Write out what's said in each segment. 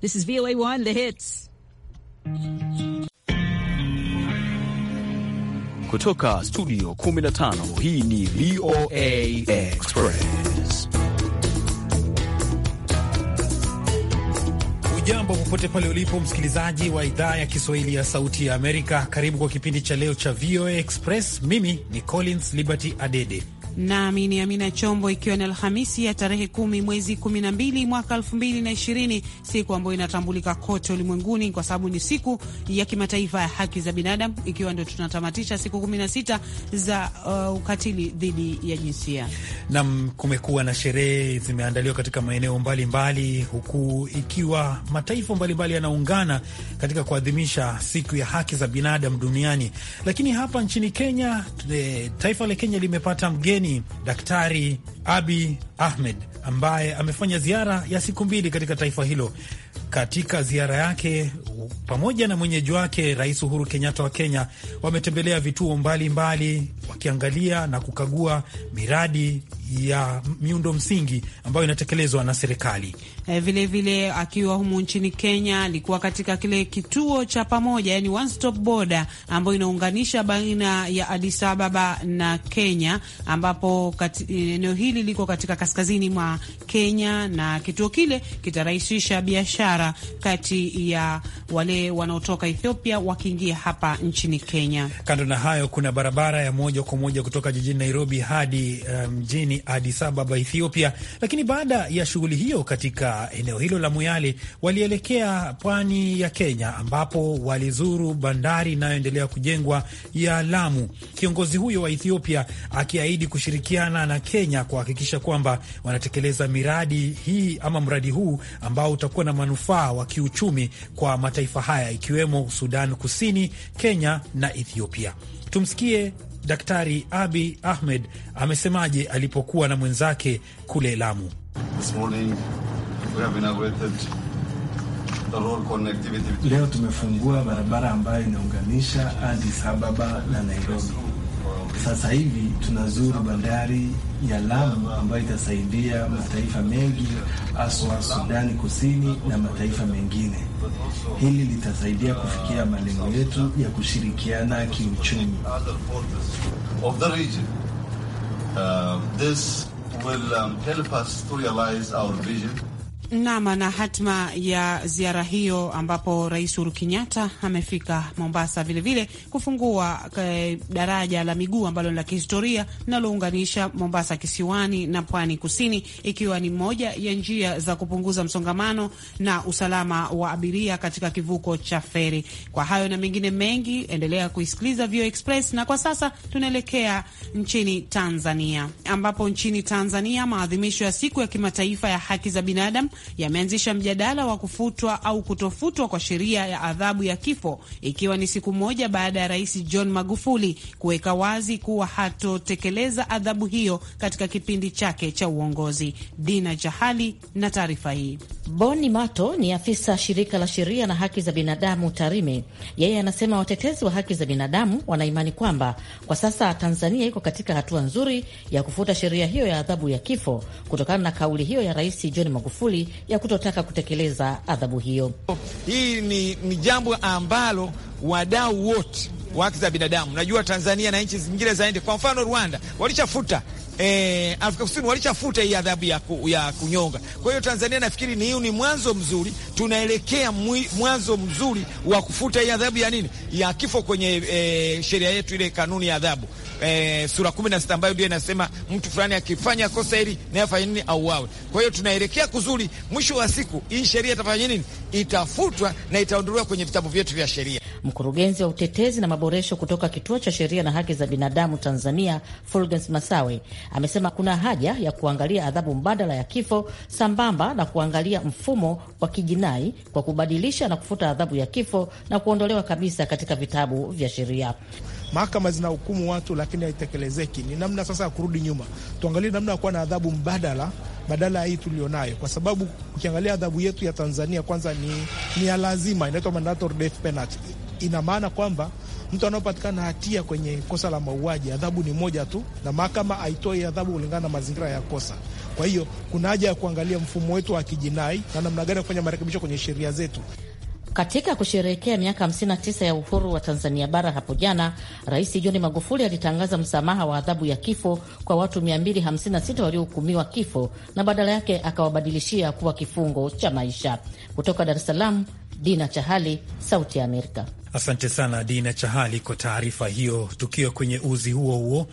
This is VOA1 The Hits. Kutoka studio 15 hii ni VOA Express. Ujambo popote pale ulipo msikilizaji wa idhaa ya Kiswahili ya Sauti ya Amerika, karibu kwa kipindi cha leo cha VOA Express. Mimi ni Collins Liberty Adede nami ni Amina Chombo, ikiwa ni Alhamisi ya tarehe kumi mwezi kumi na mbili mwaka elfu mbili na ishirini siku ambayo inatambulika kote ulimwenguni kwa sababu ni siku ya kimataifa ya haki za binadamu, ikiwa ndio tunatamatisha siku kumi na sita za uh, ukatili dhidi ya jinsia. Nam, kumekuwa na sherehe zimeandaliwa katika maeneo mbalimbali, huku ikiwa mataifa mbalimbali yanaungana katika kuadhimisha siku ya haki za binadamu duniani, lakini hapa nchini Kenya, eh, taifa la Kenya limepata mgeni Operesheni Daktari Abi Ahmed ambaye amefanya ziara ya siku mbili katika taifa hilo. Katika ziara yake pamoja na mwenyeji wake Rais Uhuru Kenyatta wa Kenya wametembelea vituo mbalimbali mbali, wakiangalia na kukagua miradi ya miundo msingi ambayo inatekelezwa na serikali. Vilevile eh, vile, akiwa humu nchini Kenya alikuwa katika kile kituo cha pamoja, yani one stop border ambayo inaunganisha baina ya Addis Ababa na Kenya, ambapo eneo hili liko katika kaskazini mwa Kenya, na kituo kile kitarahisisha biashara kati ya wale wanaotoka Ethiopia wakiingia hapa nchini Kenya. Kando na hayo, kuna barabara ya moja kwa moja kutoka jijini Nairobi hadi eh, mjini um, Addis Ababa, Ethiopia. Lakini baada ya shughuli hiyo katika eneo hilo la Muyale, walielekea pwani ya Kenya ambapo walizuru bandari inayoendelea kujengwa ya Lamu, kiongozi huyo wa Ethiopia akiahidi kushirikiana na Kenya kuhakikisha kwamba wanatekeleza miradi hii ama mradi huu ambao utakuwa na manufaa wa kiuchumi kwa mataifa haya ikiwemo Sudan Kusini, Kenya na Ethiopia. Tumsikie Daktari Abi Ahmed amesemaje alipokuwa na mwenzake kule Lamu? Leo tumefungua barabara ambayo inaunganisha Addis Ababa na Nairobi sasa hivi tunazuru bandari ya Lamu ambayo itasaidia mataifa mengi haswa Sudani Kusini na mataifa mengine. Hili litasaidia kufikia malengo yetu ya kushirikiana kiuchumi. Uh, this will, um, help us to realize our vision. Nam, na hatima ya ziara hiyo ambapo Rais Uhuru Kenyatta amefika Mombasa vilevile vile, kufungua eh, daraja la miguu ambalo ni la kihistoria linalounganisha Mombasa kisiwani na pwani kusini, ikiwa ni moja ya njia za kupunguza msongamano na usalama wa abiria katika kivuko cha feri. Kwa hayo na mengine mengi, endelea kuisikiliza Vio Express. Na kwa sasa tunaelekea nchini Tanzania, ambapo nchini Tanzania maadhimisho ya siku ya kimataifa ya haki za binadamu yameanzisha mjadala wa kufutwa au kutofutwa kwa sheria ya adhabu ya kifo, ikiwa ni siku moja baada ya Rais John Magufuli kuweka wazi kuwa hatotekeleza adhabu hiyo katika kipindi chake cha uongozi. Dina Jahali na taarifa hii. Boni Mato ni afisa shirika la sheria na haki za binadamu Tarime. Yeye anasema watetezi wa haki za binadamu wanaimani kwamba kwa sasa Tanzania iko katika hatua nzuri ya kufuta sheria hiyo ya adhabu ya kifo kutokana na kauli hiyo ya Rais John Magufuli ya kutotaka kutekeleza adhabu hiyo. Hii ni, ni jambo ambalo wadau wote wa haki za binadamu, najua Tanzania na nchi zingine zaende, kwa mfano Rwanda walishafuta eh, Afrika Kusini walishafuta hii adhabu ya, ku, ya kunyonga. Kwa hiyo Tanzania nafikiri ni hiyo ni mwanzo mzuri, tunaelekea mwanzo mzuri wa kufuta hii adhabu ya nini ya kifo kwenye eh, sheria yetu ile kanuni ya adhabu eh, sura 16 ambayo ndio inasema mtu fulani akifanya kosa hili na afanye nini au wawe. Kwa hiyo tunaelekea kuzuri, mwisho wa siku hii sheria itafanya nini? Itafutwa na itaondolewa kwenye vitabu vyetu vya sheria. Mkurugenzi wa utetezi na maboresho kutoka Kituo cha Sheria na Haki za Binadamu Tanzania, Fulgens Masawe, amesema kuna haja ya kuangalia adhabu mbadala ya kifo sambamba na kuangalia mfumo wa kijinai kwa kubadilisha na kufuta adhabu ya kifo na kuondolewa kabisa katika vitabu vya sheria. Mahakama zinahukumu watu lakini haitekelezeki. Ni namna sasa ya kurudi nyuma, tuangalie namna ya kuwa na adhabu mbadala badala ya hii tulionayo, kwa sababu ukiangalia adhabu yetu ya Tanzania kwanza ni, ni ya lazima, inaitwa mandatory death penalty ina maana kwamba mtu anaopatikana hatia kwenye kosa la mauaji, adhabu ni moja tu, na mahakama haitoi adhabu kulingana na mazingira ya kosa. Kwa hiyo kuna haja ya kuangalia mfumo wetu wa kijinai na namna gani ya kufanya marekebisho kwenye sheria zetu. Katika kusherehekea miaka 59 ya uhuru wa Tanzania bara hapo jana, Rais John Magufuli alitangaza msamaha wa adhabu ya kifo kwa watu 256 waliohukumiwa kifo na badala yake akawabadilishia kuwa kifungo cha maisha. Kutoka Dar es Salaam, Dina Chahali, Sauti ya Amerika. Asante sana Dina Chahali kwa taarifa hiyo. Tukiwa kwenye uzi huo huo,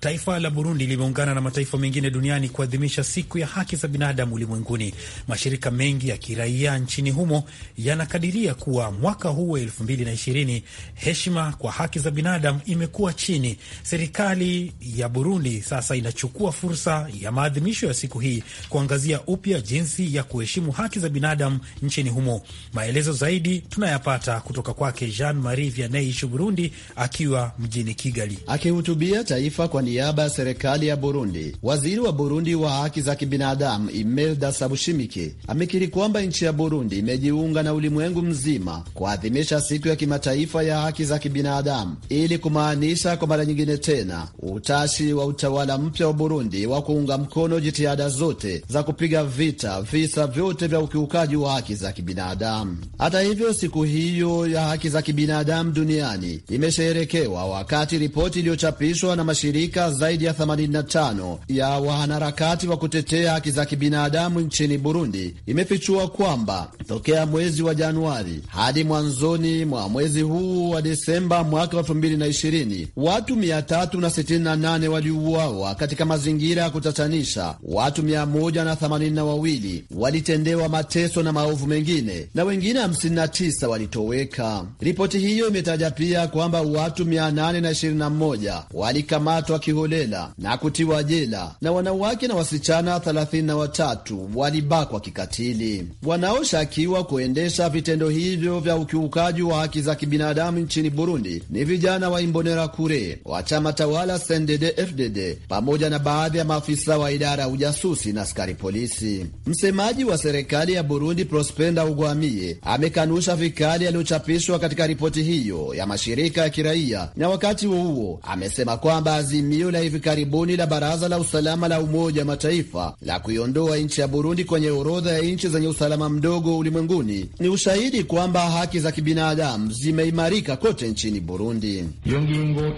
Taifa la Burundi limeungana na mataifa mengine duniani kuadhimisha siku ya haki za binadamu ulimwenguni. Mashirika mengi ya kiraia nchini humo yanakadiria kuwa mwaka huu wa 2020 heshima kwa haki za binadamu imekuwa chini. Serikali ya Burundi sasa inachukua fursa ya maadhimisho ya siku hii kuangazia upya jinsi ya kuheshimu haki za binadamu nchini humo. Maelezo zaidi tunayapata kutoka kwake Jean Marie Vianney Burundi akiwa mjini Kigali akihutubia taifa kwa niaba ya serikali ya Burundi, waziri wa Burundi wa haki za kibinadamu Imelda Sabushimike amekiri kwamba nchi ya Burundi imejiunga na ulimwengu mzima kuadhimisha siku ya kimataifa ya haki za kibinadamu ili kumaanisha kwa mara nyingine tena utashi wa utawala mpya wa Burundi wa kuunga mkono jitihada zote za kupiga vita visa vyote vya ukiukaji wa haki za kibinadamu. Hata hivyo, siku hiyo ya haki za kibinadamu duniani imesherekewa wakati ripoti iliyochapishwa na mashirika mashirika zaidi ya 85 ya wanaharakati wa kutetea haki za kibinadamu nchini Burundi imefichua kwamba tokea mwezi wa Januari hadi mwanzoni mwa mwezi huu wa Desemba mwaka wa 2020 watu 368 waliuawa katika mazingira ya kutatanisha, watu 182 walitendewa mateso na maovu mengine na wengine 59 walitoweka. Ripoti hiyo imetaja pia kwamba watu 821 walikamatwa kiholela na kutiwa jela na wanawake na wasichana thelathini na watatu walibakwa kikatili. Wanaoshakiwa kuendesha vitendo hivyo vya ukiukaji wa haki za kibinadamu nchini Burundi ni vijana wa Imbonerakure wa chama tawala CNDD-FDD pamoja na baadhi ya maafisa wa idara ya ujasusi na askari polisi. Msemaji wa serikali ya Burundi Prospenda Ugwamiye amekanusha vikali yaliyochapishwa katika ripoti hiyo ya mashirika ya kiraia, na wakati huo huo amesema kwamba azimio azimio la hivi karibuni la Baraza la Usalama la Umoja Mataifa la kuiondoa nchi ya Burundi kwenye orodha ya nchi zenye usalama mdogo ulimwenguni ni ushahidi kwamba haki za kibinadamu zimeimarika kote nchini Burundi. Iyo ngingo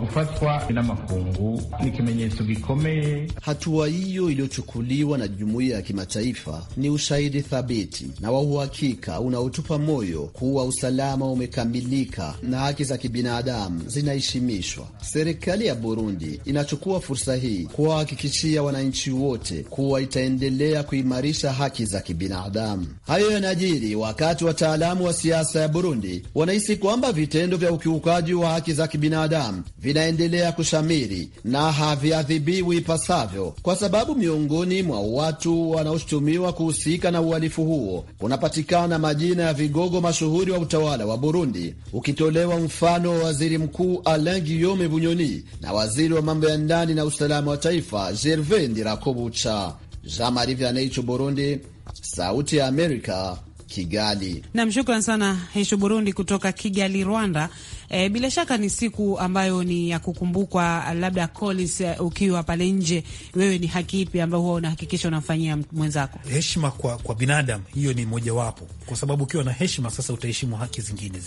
kufatwa na makungu ni kimenyetso gikomeye. Hatua hiyo iliyochukuliwa na jumuiya ya kimataifa ni ushahidi thabiti na wa uhakika unaotupa moyo kuwa usalama umekamilika na haki za kibinadamu zinaheshimishwa. Serikali ya Burundi Burundi inachukua fursa hii kuwahakikishia wananchi wote kuwa itaendelea kuimarisha haki za kibinadamu. Hayo yanajiri wakati wataalamu wa siasa ya Burundi wanahisi kwamba vitendo vya ukiukaji wa haki za kibinadamu vinaendelea kushamiri na haviadhibiwi ipasavyo, kwa sababu miongoni mwa watu wanaoshutumiwa kuhusika na uhalifu huo kunapatikana majina ya vigogo mashuhuri wa utawala wa Burundi, ukitolewa mfano wa waziri mkuu Alain Guillaume Bunyoni na waziri wa mambo ya ndani na usalama wa taifa Gervais Ndirakobucha. Jean Marie Vianney, Burundi, Sauti ya Amerika, Kigali. Nam, shukran sana Heshu Burundi kutoka Kigali, Rwanda. E, bila shaka ni siku ambayo ni ya kukumbukwa. Labda Collins, eh, ukiwa pale nje, wewe ni haki ipi ambayo huwa unahakikisha unamfanyia mwenzako? Heshima kwa, kwa binadamu, hiyo ni mojawapo, kwa sababu ukiwa na heshima sasa utaheshimu haki zingine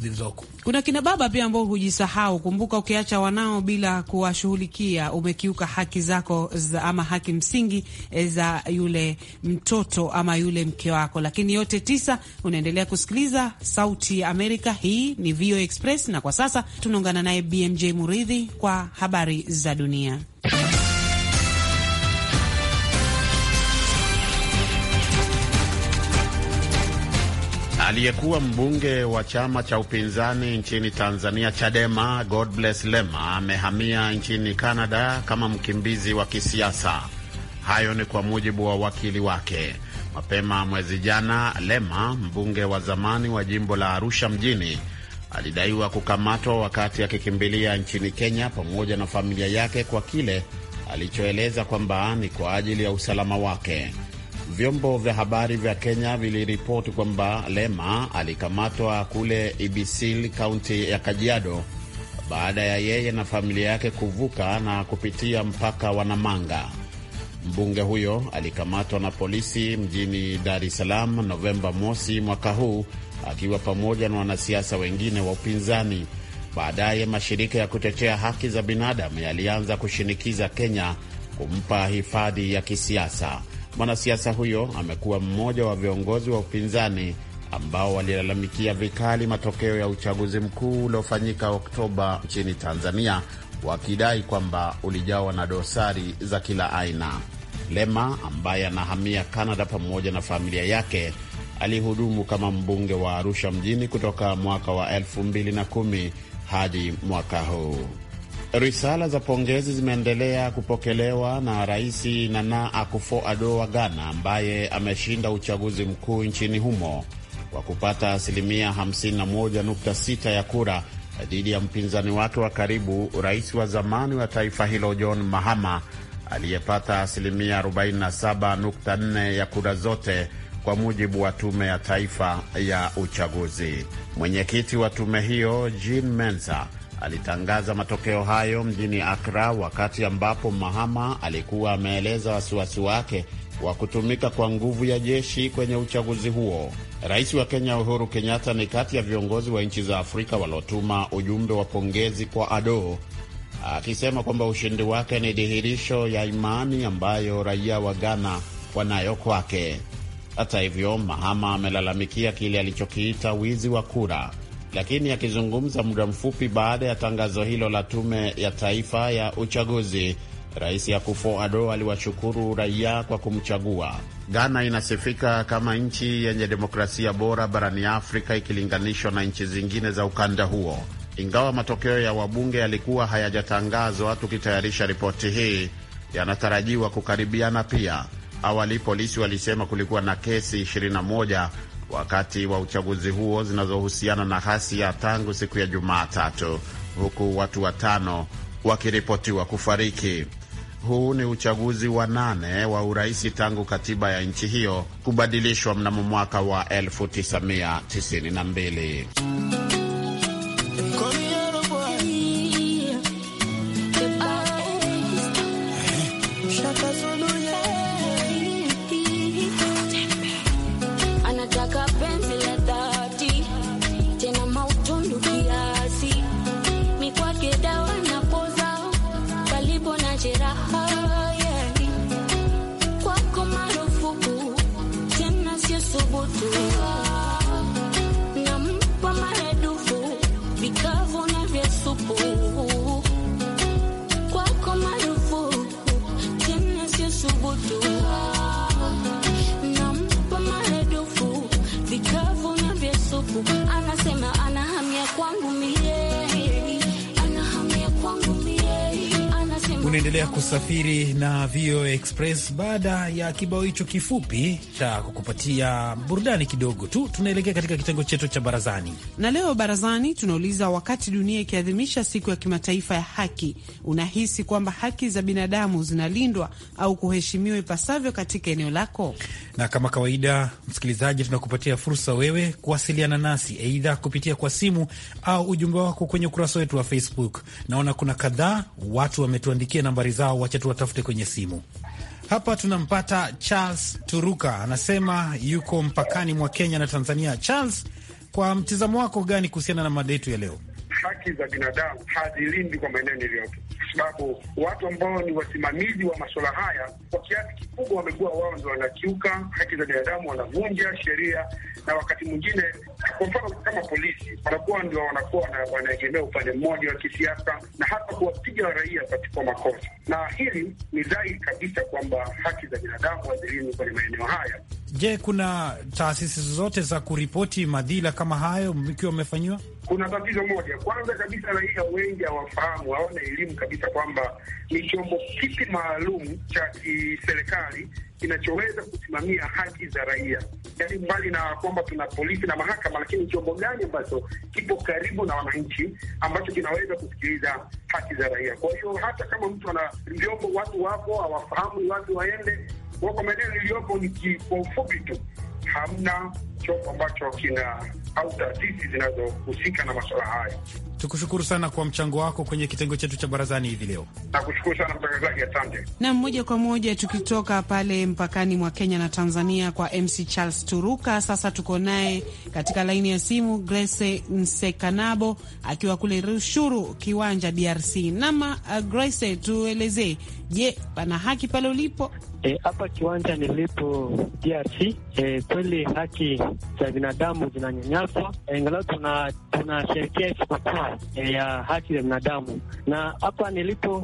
zilizoko. Kuna kina baba pia ambao hujisahau. Kumbuka, ukiacha wanao bila kuwashughulikia umekiuka haki zako za, ama haki msingi eh, za yule mtoto ama yule mke wako, lakini yote 19. Unaendelea kusikiliza Sauti ya Amerika, hii ni VOA Express, na kwa sasa tunaungana naye BMJ Muridhi kwa habari za dunia. Aliyekuwa mbunge wa chama cha upinzani nchini Tanzania, Chadema, Godbless Lema amehamia nchini Canada kama mkimbizi wa kisiasa. Hayo ni kwa mujibu wa wakili wake. Mapema mwezi jana, Lema, mbunge wa zamani wa jimbo la Arusha mjini, alidaiwa kukamatwa wakati akikimbilia nchini Kenya pamoja na familia yake kwa kile alichoeleza kwamba ni kwa ajili ya usalama wake. Vyombo vya habari vya Kenya viliripoti kwamba Lema alikamatwa kule Ibilisi, kaunti ya Kajiado, baada ya yeye na familia yake kuvuka na kupitia mpaka wa Namanga. Mbunge huyo alikamatwa na polisi mjini Dar es Salaam Novemba mosi mwaka huu akiwa pamoja na wanasiasa wengine wa upinzani. Baadaye mashirika ya kutetea haki za binadamu yalianza kushinikiza Kenya kumpa hifadhi ya kisiasa. Mwanasiasa huyo amekuwa mmoja wa viongozi wa upinzani ambao walilalamikia vikali matokeo ya uchaguzi mkuu uliofanyika Oktoba nchini Tanzania, wakidai kwamba ulijawa na dosari za kila aina. Lema ambaye anahamia Canada pamoja na familia yake alihudumu kama mbunge wa Arusha mjini kutoka mwaka wa 2010 hadi mwaka huu. Risala za pongezi zimeendelea kupokelewa na Rais Nana Akufo-Addo wa Ghana ambaye ameshinda uchaguzi mkuu nchini humo kwa kupata asilimia 51.6 ya kura dhidi ya mpinzani wake wa karibu, rais wa zamani wa taifa hilo John Mahama aliyepata asilimia 47.4 ya kura zote kwa mujibu wa tume ya taifa ya uchaguzi. Mwenyekiti wa tume hiyo Jim Mensa alitangaza matokeo hayo mjini Akra wakati ambapo Mahama alikuwa ameeleza wasiwasi wake wa kutumika kwa nguvu ya jeshi kwenye uchaguzi huo. Rais wa Kenya Uhuru Kenyatta ni kati ya viongozi wa nchi za Afrika waliotuma ujumbe wa pongezi kwa Ado akisema kwamba ushindi wake ni dhihirisho ya imani ambayo raia wa Ghana wanayo kwake. Hata hivyo, Mahama amelalamikia kile alichokiita wizi wa kura, lakini akizungumza muda mfupi baada ya tangazo hilo la Tume ya Taifa ya Uchaguzi, Rais Akufo-Addo aliwashukuru raia kwa kumchagua. Ghana inasifika kama nchi yenye demokrasia bora barani Afrika ikilinganishwa na nchi zingine za ukanda huo ingawa matokeo ya wabunge yalikuwa hayajatangazwa tukitayarisha ripoti hii, yanatarajiwa kukaribiana pia. Awali polisi walisema kulikuwa na kesi 21 wakati wa uchaguzi huo zinazohusiana na ghasia tangu siku ya Jumatatu, huku watu watano wakiripotiwa kufariki. Huu ni uchaguzi wa nane wa uraisi tangu katiba ya nchi hiyo kubadilishwa mnamo mwaka wa 1992. Unaendelea kusafiri na VOA Express. Baada ya kibao hicho kifupi cha kukupatia burudani kidogo tu, tunaelekea katika kitengo chetu cha barazani, na leo barazani tunauliza, wakati dunia ikiadhimisha siku ya kimataifa ya haki, unahisi kwamba haki za binadamu zinalindwa au kuheshimiwa ipasavyo katika eneo lako? Na kama kawaida, msikilizaji, tunakupatia fursa wewe kuwasiliana nasi, aidha kupitia kwa simu au ujumbe wako kwenye ukurasa wetu wa Facebook. Naona kuna kadhaa watu wametuandikia tuandikie nambari zao, wacha tuwatafute kwenye simu. Hapa tunampata Charles Turuka, anasema yuko mpakani mwa Kenya na Tanzania. Charles, kwa mtizamo wako gani kuhusiana na mada yetu ya leo? Haki za binadamu hazilindwi kwa maeneo niliyopo sababu watu ambao ni wasimamizi wa masuala haya kwa kiasi kikubwa wamekuwa wao ndio wanakiuka haki za binadamu, wanavunja sheria, na wakati mwingine, kwa mfano kama polisi, wanakuwa ndio wanakuwa wanaegemea upande mmoja wa kisiasa na hata kuwapiga raia katika makosa, na hili ni dhahiri kabisa kwamba haki za binadamu hazilindwi kwenye maeneo haya. Je, kuna taasisi zozote za kuripoti madhila kama hayo mkiwa mmefanyiwa? kuna tatizo moja. Kwanza kabisa, raia wengi hawafahamu, hawana elimu kabisa kwamba ni chombo kipi maalum cha kiserikali kinachoweza kusimamia haki za raia, yaani mbali na kwamba tuna polisi na mahakama, lakini chombo gani ambacho kipo karibu na wananchi ambacho kinaweza kusikiliza haki za raia? Kwa hiyo hata kama mtu ana vyombo, watu wapo hawafahamu, watu waende wako maeneo niliyopo, ni kwa ufupi tu hamna chombo ambacho kina au taasisi zinazohusika na masuala hayo. Tukushukuru sana kwa mchango wako kwenye kitengo chetu cha barazani hivi leo. Nakushukuru sana mtangazaji, asante. Na moja kwa moja tukitoka pale mpakani mwa Kenya na Tanzania kwa MC Charles Turuka, sasa tuko naye katika laini ya simu Grace Nsekanabo akiwa kule Rushuru Kiwanja, DRC. Nama uh, Grace, tuelezee, je, pana haki pale ulipo? Eh, hapa e, kiwanja nilipo DRC e, eh, kweli haki za binadamu zinanyanyaswa, ingalau tuna tunasherekea sikukuu eh, ya haki za binadamu. Na hapa nilipo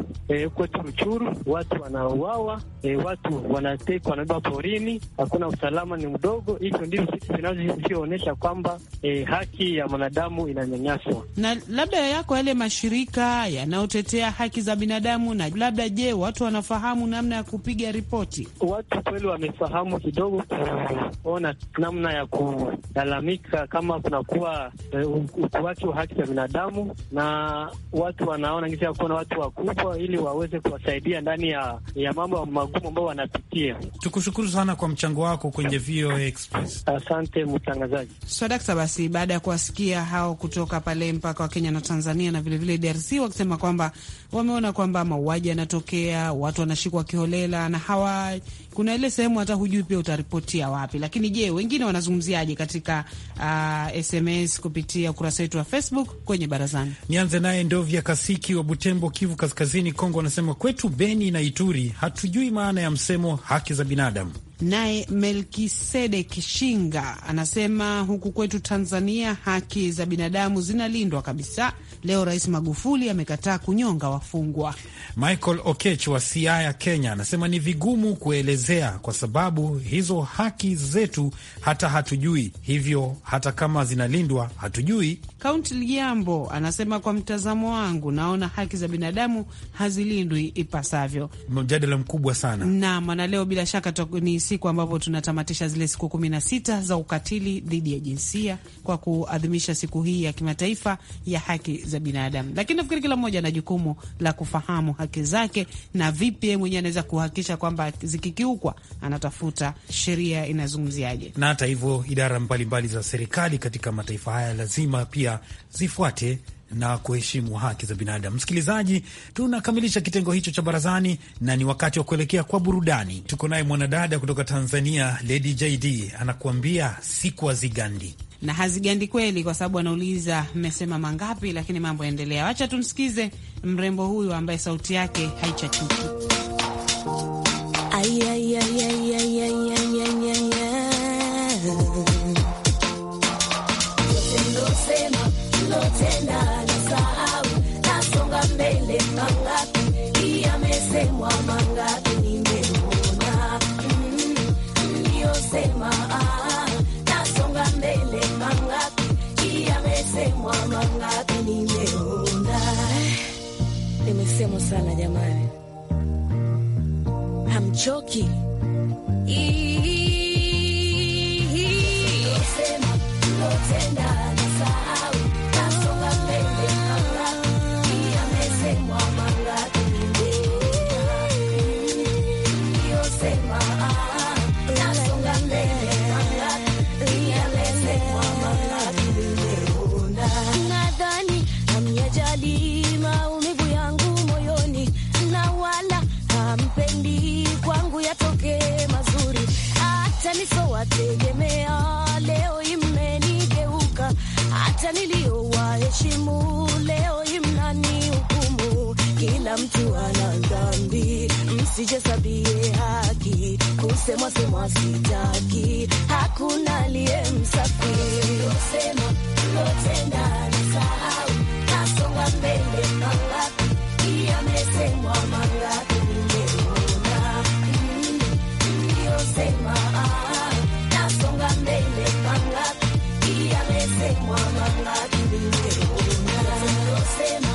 huko eh, Churuchuru, watu wanauawa, eh, watu wanatekwa, wanabeba porini, hakuna usalama, ni mdogo. Hivyo ndivyo vitu vinavyoonyesha kwamba haki ya mwanadamu inanyanyaswa. Na labda yako yale mashirika yanayotetea haki za binadamu, na labda, je, watu wanafahamu namna ya kupiga ripoti? Watu kweli wamefahamu kidogo kuona namna ya kulalamika kama kunakuwa eh, ukuaji wa haki za binadamu, na watu wanaona ngisi ya watu wakubwa ili waweze kuwasaidia ndani ya, ya mambo magumu ambayo wanapitia. Tukushukuru sana kwa mchango wako kwenye VOA Express. Asante mtangazaji. So dakta, basi baada ya kuwasikia hao kutoka pale mpaka wa Kenya na Tanzania na vilevile vile DRC wakisema kwamba wameona kwamba mauaji yanatokea, watu wanashikwa kiholela na hawa kuna ile sehemu hata hujui pia utaripotia wapi. Lakini je, wengine wanazungumziaje katika uh, SMS kupitia ukurasa wetu wa Facebook kwenye barazani? Nianze naye Ndovya Kasiki wa Butembo, Kivu Kaskazini, Kongo, anasema kwetu Beni na Ituri hatujui maana ya msemo haki za binadamu Naye Melkisedek Shinga anasema huku kwetu Tanzania haki za binadamu zinalindwa kabisa. Leo Rais Magufuli amekataa kunyonga wafungwa. Michael Okech wa Siaya, Kenya, anasema ni vigumu kuelezea kwa sababu hizo haki zetu hata hatujui, hivyo hata kama zinalindwa hatujui Kaunti Liambo anasema kwa mtazamo wangu, naona haki za binadamu hazilindwi ipasavyo. Mjadala mkubwa sana nam, na leo bila shaka ni siku ambapo tunatamatisha zile siku kumi na sita za ukatili dhidi ya jinsia kwa kuadhimisha siku hii ya kimataifa ya haki za binadamu. Lakini nafikiri kila mmoja ana jukumu la kufahamu haki zake na vipi yeye mwenyewe anaweza kuhakikisha kwamba zikikiukwa anatafuta sheria inazungumziaje. Na hata hivyo idara mbalimbali za serikali katika mataifa haya lazima pia zifuate na kuheshimu haki za binadamu. Msikilizaji, tunakamilisha kitengo hicho cha barazani na ni wakati wa kuelekea kwa burudani. Tuko naye mwanadada kutoka Tanzania, Lady JD anakuambia siku hazigandi na hazigandi kweli, kwa sababu anauliza mmesema mangapi, lakini mambo yaendelea. Wacha tumsikize mrembo huyu ambaye sauti yake haichachuki. Chucky. hata niliowaheshimu leo imnani hukumu. Kila mtu ana dhambi, msijehesabie haki, kusemwa semwa sitaki, hakuna aliye msafi. Losema lotenda nasahau, nasonga mangapi mama, lakini nilotenda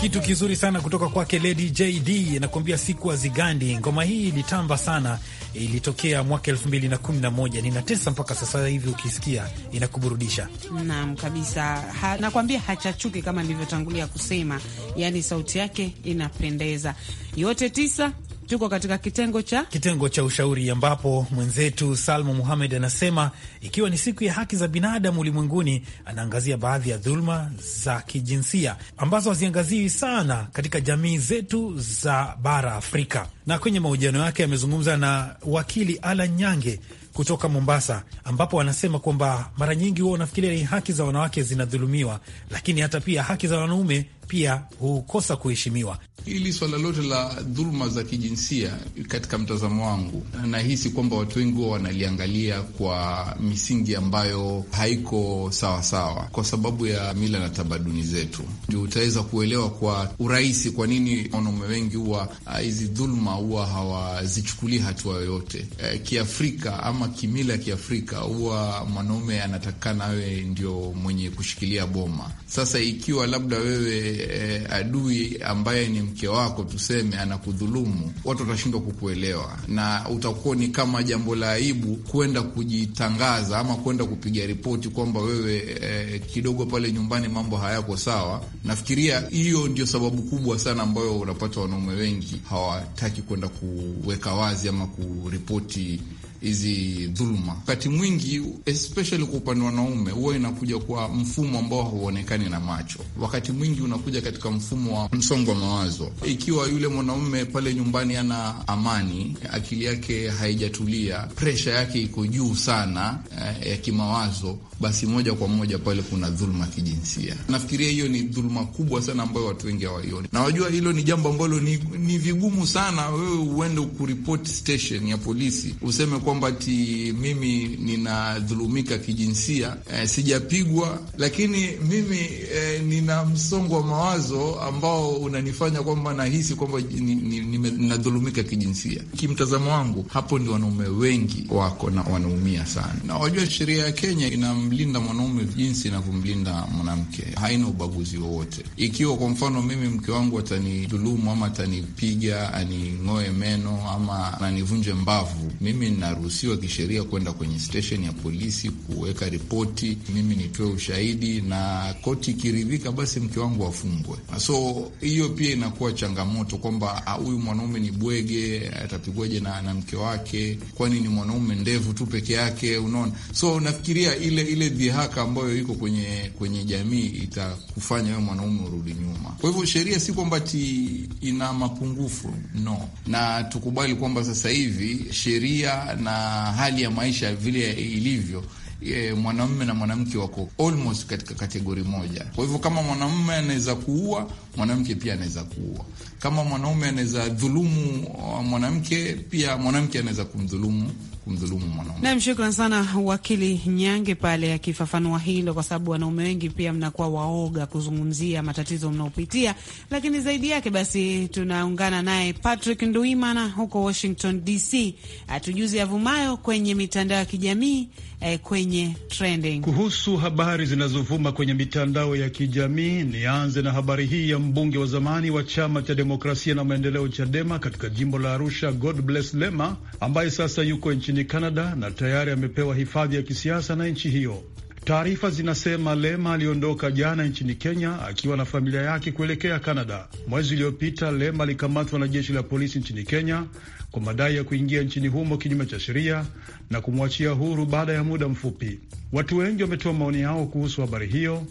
kitu kizuri sana kutoka kwake Lady JD, nakuambia, siku hazigandi. Ngoma hii ilitamba sana, ilitokea mwaka elfu mbili na kumi na moja. Ninatesa mpaka sasa hivi, ukisikia inakuburudisha. Naam kabisa ha, nakuambia hachachuki, kama nilivyotangulia kusema, yani sauti yake inapendeza. Yote tisa tuko katika kitengo cha kitengo cha ushauri, ambapo mwenzetu Salma Muhamed anasema ikiwa ni siku ya haki za binadamu ulimwenguni, anaangazia baadhi ya dhuluma za kijinsia ambazo haziangaziwi sana katika jamii zetu za bara Afrika. Na kwenye mahojiano yake amezungumza na wakili Alan Nyange kutoka Mombasa ambapo anasema kwamba mara nyingi huwa unafikiria haki za wanawake zinadhulumiwa, lakini hata pia haki za wanaume pia hukosa kuheshimiwa. Hili swala lote la dhuluma za kijinsia, katika mtazamo wangu, nahisi kwamba watu wengi huwa wanaliangalia kwa misingi ambayo haiko sawasawa sawa, kwa sababu ya mila na tamaduni zetu, ndio utaweza kuelewa kwa urahisi kwa nini wanaume wengi huwa ah, hizi dhuluma huwa hawazichukulii hatua yoyote. E, Kiafrika ama kimila ya Kiafrika huwa mwanaume anatakikana awe ndio mwenye kushikilia boma. Sasa ikiwa labda wewe eh, adui ambaye ni mke wako tuseme, anakudhulumu, watu watashindwa kukuelewa na utakuwa ni kama jambo la aibu kwenda kujitangaza ama kwenda kupiga ripoti kwamba wewe eh, kidogo pale nyumbani mambo hayako sawa. Nafikiria hiyo ndio sababu kubwa sana ambayo unapata wanaume wengi hawataki kwenda kuweka wazi ama kuripoti hizi dhuluma. Wakati mwingi especially kwa upande wa wanaume huwa inakuja kwa mfumo ambao hauonekani na macho, wakati mwingi unakuja katika mfumo wa msongo wa mawazo. Ikiwa yule mwanaume pale nyumbani ana amani, akili yake haijatulia, presha yake iko juu sana eh, ya kimawazo, basi moja kwa moja pale kuna dhuluma ya kijinsia. Nafikiria hiyo ni dhuluma kubwa sana ambayo watu wengi hawaioni, na wajua hilo ni jambo ambalo ni, ni vigumu sana wewe uende kuripoti station ya polisi useme kwamba ti mimi ninadhulumika kijinsia eh, sijapigwa, lakini mimi eh, nina msongo wa mawazo ambao unanifanya kwamba nahisi kwamba ninadhulumika kijinsia. Kimtazamo wangu, hapo ndio wanaume wengi wako na wanaumia sana, na wajua sheria ya Kenya inamlinda mwanaume jinsi inavyomlinda mwanamke, haina ubaguzi wowote. Ikiwa kwa mfano mimi mke wangu atanidhulumu ama atanipiga, aning'oe meno ama ananivunje mbavu, mimi nina naruhusiwa kisheria kwenda kwenye stesheni ya polisi kuweka ripoti, mimi nitoe ushahidi, na koti ikiridhika, basi mke wangu afungwe. So hiyo pia inakuwa changamoto kwamba ah, huyu mwanaume ni bwege, atapigwaje na, na mke wake? Kwani ni mwanaume ndevu tu peke yake? Unaona, so nafikiria ile ile dhihaka ambayo iko kwenye kwenye jamii itakufanya wewe mwanaume urudi nyuma. Kwa hivyo sheria si kwamba ti ina mapungufu no, na tukubali kwamba sasa hivi sheria na hali ya maisha vile ilivyo, e, mwanamume na mwanamke wako almost katika kategori moja. Kwa hivyo kama mwanamume anaweza kuua, mwanamke pia anaweza kuua. Kama mwanaume anaweza dhulumu uh, mwanamke, pia mwanamke anaweza kumdhulumu kumdhulumu mwanaume. Nam, shukran sana wakili Nyange pale akifafanua hilo, kwa sababu wanaume wengi pia mnakuwa waoga kuzungumzia matatizo mnaopitia. Lakini zaidi yake basi, tunaungana naye Patrick Nduimana huko Washington DC atujuzi avumayo kwenye mitandao ya kijamii eh, kwenye trending. Kuhusu habari zinazovuma kwenye mitandao ya kijamii, nianze na habari hii ya mbunge wa zamani wa chama cha demokrasia na maendeleo Chadema katika jimbo la Arusha, God Bless Lema ambaye sasa yuko nchini Canada na tayari amepewa hifadhi ya kisiasa na nchi hiyo. Taarifa zinasema Lema aliondoka jana nchini Kenya akiwa na familia yake kuelekea Kanada. Mwezi uliopita, Lema alikamatwa na jeshi la polisi nchini Kenya kwa madai ya kuingia nchini humo kinyume cha sheria na kumwachia huru baada ya muda mfupi. Watu wengi wametoa maoni yao kuhusu habari hiyo.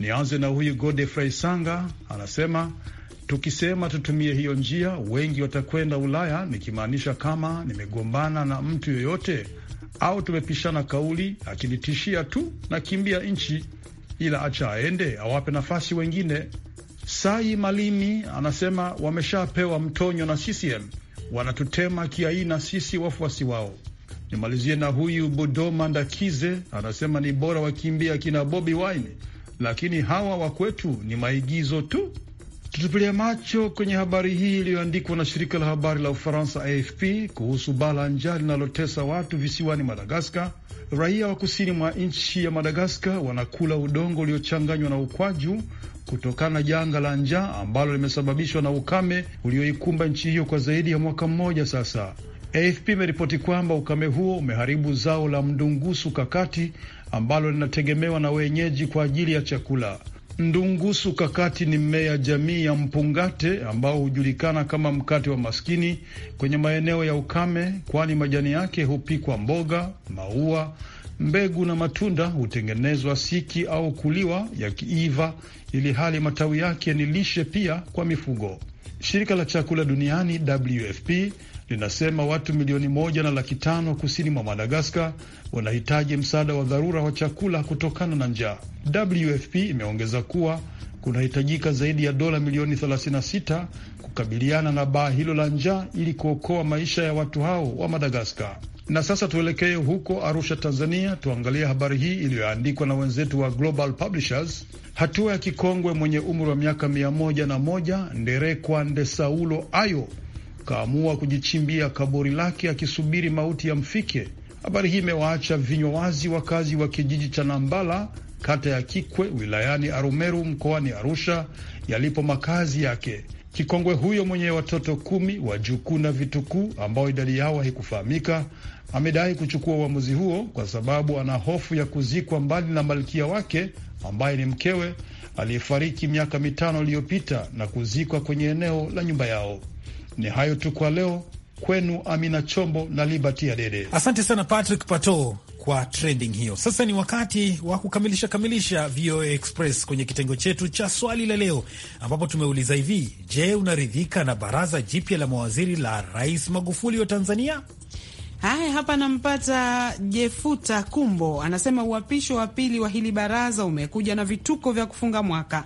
Nianze na huyu Godefrey Sanga, anasema tukisema tutumie hiyo njia, wengi watakwenda Ulaya, nikimaanisha kama nimegombana na mtu yoyote au tumepishana kauli, akinitishia tu nakimbia nchi, ila acha aende, awape nafasi wengine. Sai Malimi anasema wameshapewa mtonyo na CCM, wanatutema kiaina sisi wafuasi wao. Nimalizie na huyu Bodoma Ndakize anasema ni bora wakimbia kina Bobi Wine, lakini hawa wakwetu ni maigizo tu. Tutupilia macho kwenye habari hii iliyoandikwa na shirika la habari la Ufaransa AFP kuhusu baa la njaa linalotesa watu visiwani Madagaskar. Raia wa kusini mwa nchi ya Madagaskar wanakula udongo uliochanganywa na ukwaju kutokana na janga la njaa ambalo limesababishwa na ukame ulioikumba nchi hiyo kwa zaidi ya mwaka mmoja sasa. AFP imeripoti kwamba ukame huo umeharibu zao la mdungusu kakati ambalo linategemewa na wenyeji kwa ajili ya chakula. Ndungusu kakati ni mmea jamii ya mpungate ambao hujulikana kama mkate wa maskini kwenye maeneo ya ukame, kwani majani yake hupikwa mboga, maua, mbegu na matunda hutengenezwa siki au kuliwa yakiiva, ili hali matawi yake ni lishe pia kwa mifugo. Shirika la chakula duniani WFP linasema watu milioni moja na laki tano kusini mwa Madagaskar wanahitaji msaada wa dharura wa chakula kutokana na njaa. WFP imeongeza kuwa kunahitajika zaidi ya dola milioni 36 kukabiliana na baa hilo la njaa ili kuokoa maisha ya watu hao wa Madagaskar. Na sasa tuelekee huko Arusha, Tanzania, tuangalie habari hii iliyoandikwa na wenzetu wa Global Publishers. Hatua ya kikongwe mwenye umri wa miaka mia moja na moja Nderekwa Ndesaulo Ayo kaamua kujichimbia kaburi lake akisubiri mauti ya mfike Habari hii imewaacha vinywa wazi wakazi wa kijiji cha Nambala kata ya Kikwe wilayani Arumeru mkoani Arusha yalipo makazi yake. Kikongwe huyo mwenye watoto kumi wajukuu na vitukuu ambao idadi yao haikufahamika amedai kuchukua uamuzi huo kwa sababu ana hofu ya kuzikwa mbali na malkia wake ambaye ni mkewe aliyefariki miaka mitano iliyopita na kuzikwa kwenye eneo la nyumba yao. Ni hayo tu kwa leo. Kwenu Amina Chombo na Liberty Adede. Asante sana Patrick Pato kwa trending hiyo. Sasa ni wakati wa kukamilisha kamilisha VOA Express kwenye kitengo chetu cha swali la leo, ambapo tumeuliza hivi: Je, unaridhika na baraza jipya la mawaziri la Rais Magufuli wa Tanzania? Haya, hapa nampata Jefuta Kumbo, anasema uhapisho wa pili wa hili baraza umekuja na vituko vya kufunga mwaka.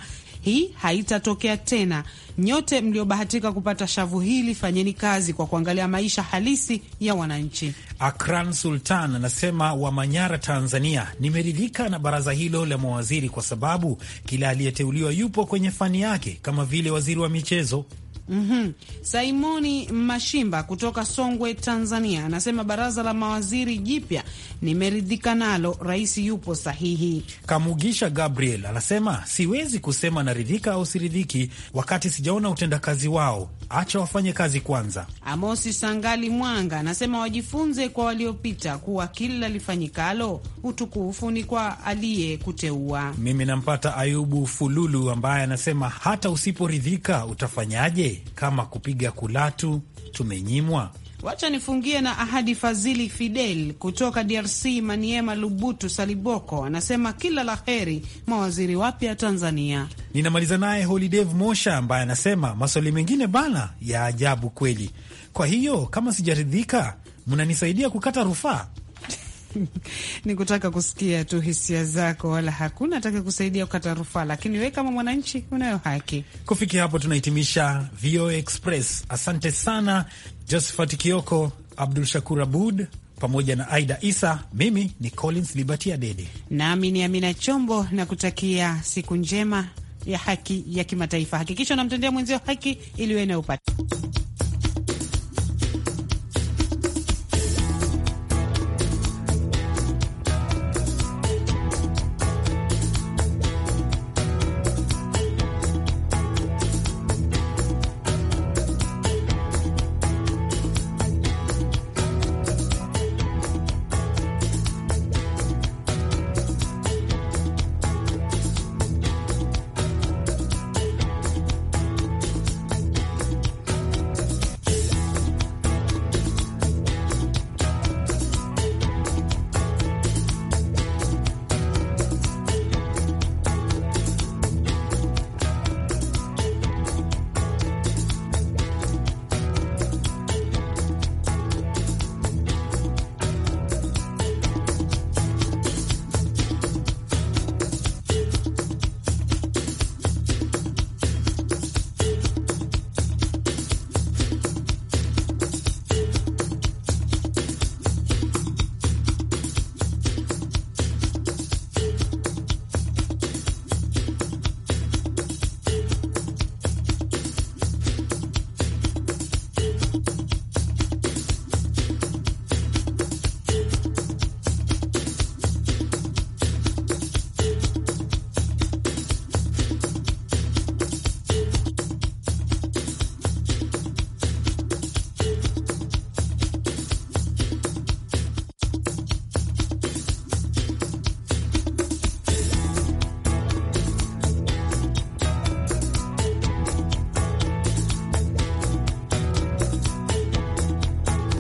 Hii haitatokea tena. Nyote mliobahatika kupata shavu hili, fanyeni kazi kwa kuangalia maisha halisi ya wananchi. Akran Sultan anasema wa Manyara, Tanzania, nimeridhika na baraza hilo la mawaziri kwa sababu kila aliyeteuliwa yupo kwenye fani yake, kama vile waziri wa michezo Mm -hmm. Saimoni Mashimba kutoka Songwe, Tanzania anasema baraza la mawaziri jipya nimeridhika nalo, rais yupo sahihi. Kamugisha Gabriel anasema siwezi kusema naridhika au siridhiki wakati sijaona utendakazi wao acha wafanye kazi kwanza. Amosi Sangali Mwanga anasema wajifunze kwa waliopita kuwa kila lifanyikalo utukufu ni kwa aliyekuteua. Mimi nampata Ayubu Fululu ambaye anasema hata usiporidhika utafanyaje? Kama kupiga kulatu tumenyimwa Wacha nifungie na Ahadi Fazili Fidel kutoka DRC, Maniema, Lubutu Saliboko, anasema kila la heri mawaziri wapya Tanzania. Ninamaliza naye Holidev Mosha ambaye anasema maswali mengine bana ya ajabu kweli. Kwa hiyo kama sijaridhika, mnanisaidia kukata rufaa. Ni kutaka kusikia tu hisia zako, wala hakuna atake kusaidia kukata rufaa, lakini we kama mwananchi unayo haki. Kufikia hapo tunahitimisha VOA Express. Asante sana Josephat Kioko, Abdul Shakur Abud pamoja na Aida Isa. Mimi ni Collins Libatia Dede nami ni Amina Chombo, na kutakia siku njema ya haki ya kimataifa. Hakikisha unamtendea mwenzio haki ili na upate